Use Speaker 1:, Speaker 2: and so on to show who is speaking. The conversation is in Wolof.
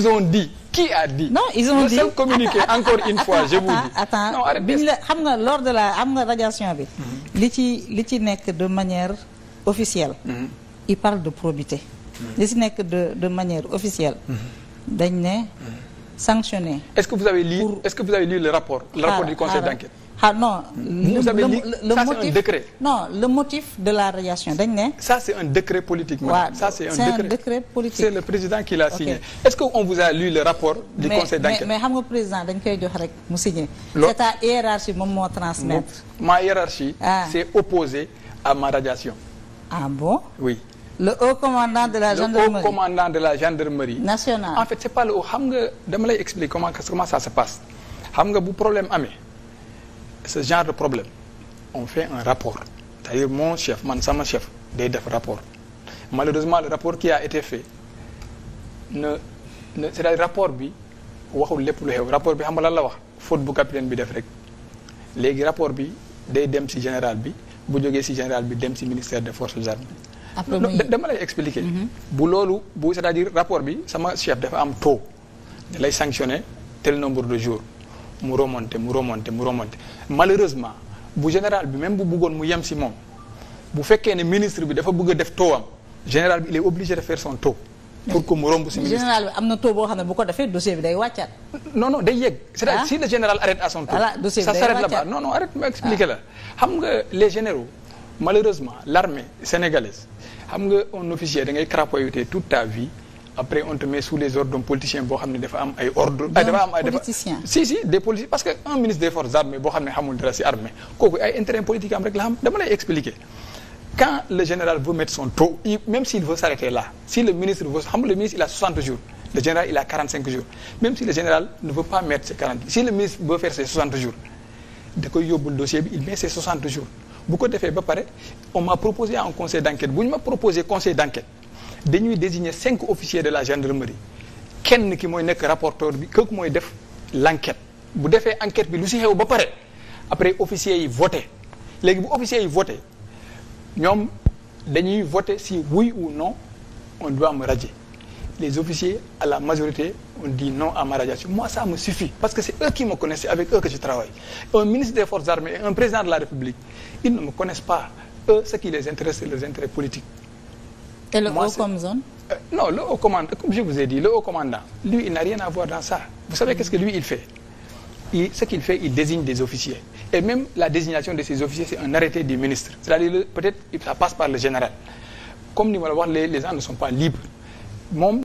Speaker 1: ils ont dit qui
Speaker 2: a dit. non ils ont dit encore une fois je vous dis.
Speaker 1: attends non arrêtez biñ la xam nga lors de la xam nga radiation bi. Mhm. li ci li ci nekk de manière officielle. Mhm. il parle de probité. Mhm. li ci nekk de de manière officielle. dañ ne sanctionner.
Speaker 2: est-ce que vous avez lu le rapport du conseil d'enquête. ah non. vous savez li ça c'est un décret.
Speaker 1: le motif de la radiation dañ ne. ça c'est un décret politique. waaw ça c'est un décret politique c'est le
Speaker 2: président qui l'a signé. est-ce que on vous a lu le rapport. du conseil d'enquête mais
Speaker 1: mais rek mu signé. c'est ta hiérarchie moom moo transmettre.
Speaker 2: ma hiérarchie. Ah. c'est opposé à ma radiation. ah bon oui. le haut commandant de la gendarmerie le haut commandant de la gendarmerie.
Speaker 1: nationale en fait
Speaker 2: c'est pas le haut xam nga dama lay expliquer comment ça se passe xam nga bu problème amee. ce genre de problème on fait un rapport c'est-à-dire chef man sama chef day def rapport malheureusement le rapport qui a été fait ne ne c'est-à-dire rapport bi waxul lépp lu xew rapport bi xam nga lan la wax faute bu capitaine bi def rek léegi rapport bi day dem ci général bi bu jógee ci général bi dem ci ministère de forces armées dama lay expliquer mhm. bu loolu bu c'est-à-dire rapport bi sama chef dafa am taux da lay sanctionner tel nombre de jours mu remonté mu remonté mu remonté malheureusement bu général bi même bu bëggoon mu yem si moom bu fekkee ne ministre bi dafa bëgg def taux général bi il est obligé de faire son taux. pour ko mu romb si ministre bi
Speaker 1: am na taux boo xam ne bu ko defee dossier bi day wàccaat. non non day yegg. c'est-à-dire ah. si le général arrête à son tour. voilà dossier bi day wàccaat ça s'arrête
Speaker 2: là-bas ah. la. xam nga les généraux malheureusement larme sénégalaise xam nga on officier da ngay tout toute ta vie. après on te met sous les ordres politicien boo xam ne am ay ordre dafa si si des politiciens parce que un ministre des forces armées boo xam ne xamul dara si armée kooku ay intérêt politique am rek la xam dama lay expliquer quand le général veut mettre son taux même s'il veut s'arrêter là si le ministre veut xam a 60 jours le général il a 45 jours même si le général ne veut pas mettre ses 40 si le ministre veut faire ses jours da koy yóbbul dossier ko defee ba pare on m'a proposé un conseil dañuy désigner cinq officier de la gendarmerie kenn ki mooy nekk rapporteur bi kooku mooy def l'enquête bu defee enquête bi lu si xew ba pare après officier yi voté léegi bu officiers yi voté ñoom dañuy voté si oui ou non on doit me radier les officiers à la majorité ont dit non à ma radiation moi ça me suffit parce que c'est eux qui me connaissent avec eux que je travaille un ministre des forces armées un président de la république ils ne me connaissent les intéresse c'est Et le Moi, haut comme zone euh, Non, le haut commandant, comme je vous ai dit, le haut commandant, lui, il n'a rien à voir dans ça. Vous savez qu'est-ce que lui, il fait il, ce qu'il fait, il désigne des officiers. Et même la désignation de ces officiers, c'est un arrêté du ministre. C'est-à-dire, peut-être, ça passe par le général. Comme nous allons voir, les, les gens ne sont pas libres. Mon